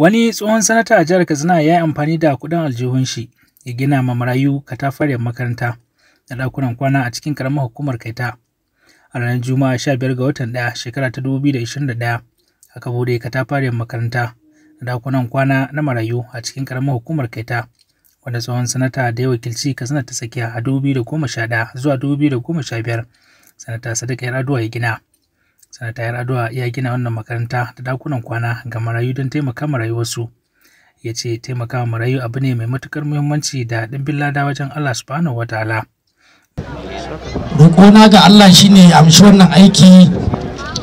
Wani tsohon sanata a jihar Katsina ya yi amfani da kuɗin aljihun shi ya gina ma marayu katafariyar makaranta da ɗakunan kwana a cikin karamar hukumar Kaita. A ranar Juma'a 15 ga watan 1 shekara ta 2021 aka bude katafariyar makaranta da ɗakunan kwana na marayu a cikin karamar hukumar Kaita. Wanda tsohon sanata da ya wakilci Katsina ta tsakiya a 2011 zuwa 2015 sanata Sadiq Yar'adua ya gina. sanatayar yar ya gina wannan makaranta da dakunan kwana ga marayu don taimaka marayu wasu ya ce taimaka marayu abu ne mai matukar muhimmanci da ɗimbin lada wajen allah subhanahu wa ta'ala roƙona ga allah shine ya amshi wannan aiki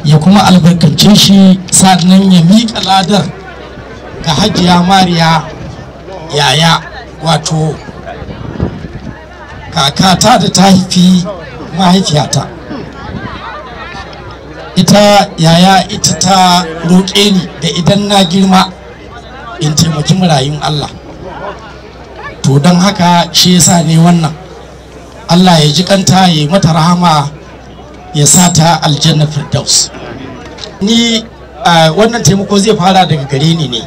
ya kuma albarkance shi sannan ya miƙa ladar ga hajiya mariya yaya wato kakata da ta haifi mahaifiyata ta yaya ita ta roƙe ni da idan na girma in taimaki marayun Allah to don haka shi yasa ne wannan Allah ya ji kanta ya yi mata rahama ya sa ta aljanna firdaus ni wannan taimako zai fara daga gare ni ne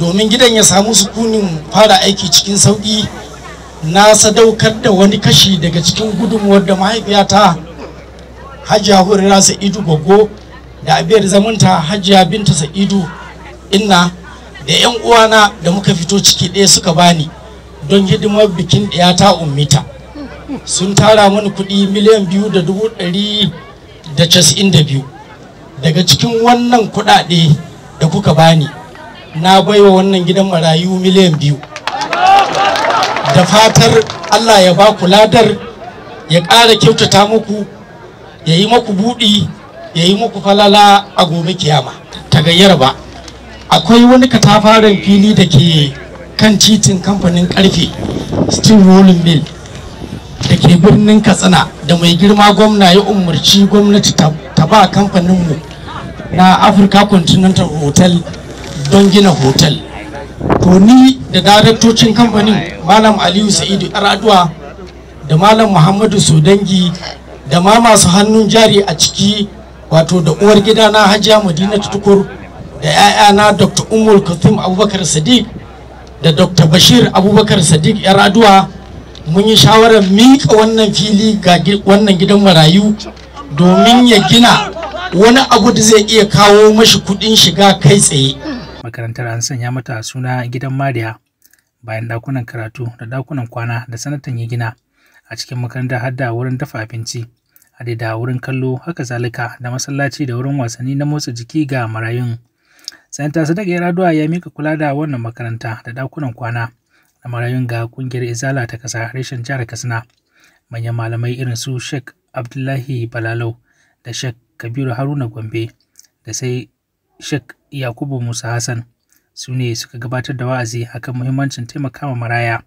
domin gidan ya samu sukunin fara aiki cikin sauƙi na sadaukar da wani kashi daga cikin gudunmuwar da mahaifiyata hajiya hurira sa'idu gogo da abiyar zamunta hajiya binta sa'idu inna da yan uwana da muka fito ciki ɗaya suka bani don hidimar bikin ta ummita sun tara mani kuɗi miliyan biyu da dubu ɗari da casa'in da biyu daga cikin wannan kuɗaɗe da kuka bani na baiwa wannan gidan marayu miliyan biyu da fatar allah ya ba ku ladar ya ƙara kyautata muku ya yi muku buɗi ya yi maku falala a gobe kiyama ta gayyar ba akwai wani katafaren fili da ke kan titin kamfanin karfe steel rolling mill da ke birnin katsina da mai girma gwamna ya umarci gwamnati ta ba kamfaninmu na africa continental hotel don gina hotel to ni da daraktocin kamfanin malam aliyu sa'idu araduwa da malam muhammadu sodangi da ma masu hannun jari a ciki wato da uwar gida na hajiya madina tukur da 'ya'yana dr umul kathim abubakar sadiq da dr bashir abubakar sadiq ya raduwa mun yi shawarar miƙa wannan fili ga wannan gidan marayu domin ya gina wani abu da zai iya kawo mashi kuɗin shiga kai tsaye makarantar an sanya mata suna gidan mariya bayan dakunan karatu da dakunan kwana da sanatan ya gina a cikin makaranta har da wurin dafa abinci a da wurin kallo haka zalika da masallaci da wurin wasanni na motsa jiki ga marayun. Santa Sadaka Yaraduwa ya mika kula da wannan makaranta da ɗakunan kwana da marayun ga ƙungiyar Izala ta kasa reshen jihar Katsina. Manyan malamai irin su Sheikh Abdullahi Balalau da Sheikh Kabiru Haruna Gombe da sai Sheikh Yakubu Musa Hassan sune suka gabatar da wa'azi akan muhimmancin taimakawa maraya.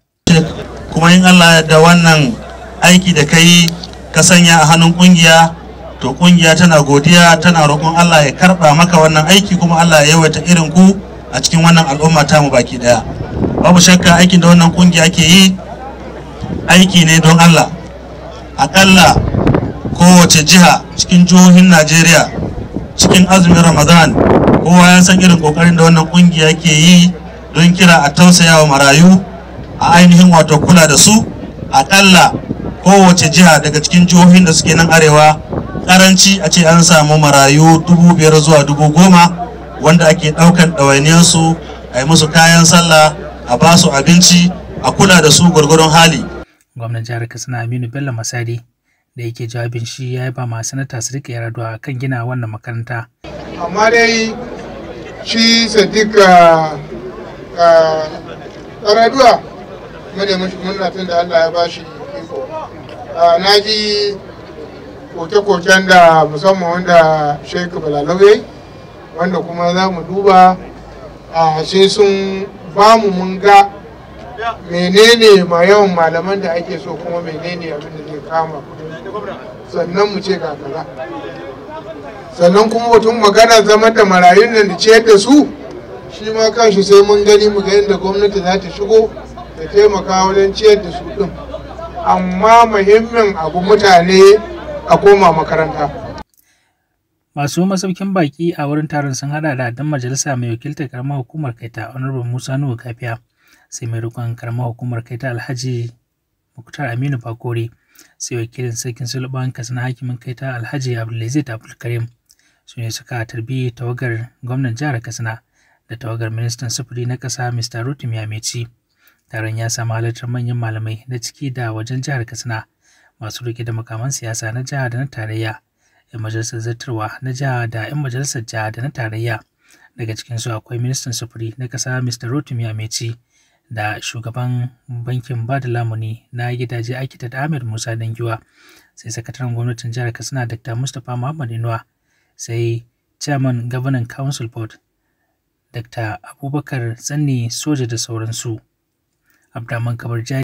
Kuma in Allah da wannan aiki da kai ka sanya a hannun kungiya to kungiya tana godiya tana roƙon Allah ya karɓa maka wannan aiki kuma Allah ya yawaita irin ku a cikin wannan al'umma mu baki daya babu shakka aikin da wannan kungiya ke yi aiki ne don Allah akalla kowace jiha cikin jihohin Najeriya cikin azumin Ramadan kowa ya san irin kokarin da wannan kungiya ke yi don kira a tausayawa marayu a ainihin wato kula da su akalla kowace jiha daga cikin jihohin da suke nan arewa karanci a ce an samu marayu dubu biyar zuwa dubu goma wanda ake ɗaukan ɗawainiyarsu a yi musu kayan sallah a ba su abinci a kula da su gwargwaron hali. gwamnan jihar katsina aminu bello masari da yake jawabin shi ya yi ba ma sanata su rika a kan gina wannan makaranta. amma dai shi sadika a raduwa muna tun da allah ya bashi Ah, na ji koke-koken da musamman wanda sheik balalawai wanda kuma za mu duba sai sun bamu mun ga menene ma yawan malaman da ake so kuma menene abin da zai kama sannan mu ce ga kaza sannan kuma mutum magana zama da marayun da ciyar da su shi ma kanshi sai mun gani mu ga yadda gwamnati za ta shigo da taimaka wajen ciyar da su din amma muhimmin abu mutane a koma makaranta. Masu masaukin baki a wurin taron sun hada da dan majalisa mai wakiltar karamar hukumar kaita Honorable Musa Nuhu Kafiya, sai mai rukun karamar hukumar kaita Alhaji Muktar Aminu bakori sai wakilin sarkin Sulban Katsina hakimin kaita Alhaji Abdulaziz Abdulkarim. Su ne suka tarbi tawagar gwamnan jihar Katsina da tawagar ministan sufuri na kasa Mr. Rotimi Ameci. Taron ya samu halartar manyan malamai na ciki da wajen jihar Katsina, masu rike da makaman siyasa na jiha da na tarayya, 'yan majalisar zartarwa na jiha da 'yan majalisar jiha da na tarayya. Daga cikinsu akwai ministan sufuri na ƙasa Mr. Rotimi Ameci da shugaban bankin ba da lamuni na gidaje da Ahmed Musa Dangiwa, sai sakataren gwamnatin jihar Katsina Dr. Mustapha Muhammad Inuwa, sai chairman governing council board Dr. Abubakar Tsanni Soja da sauransu. after Mankabur Jai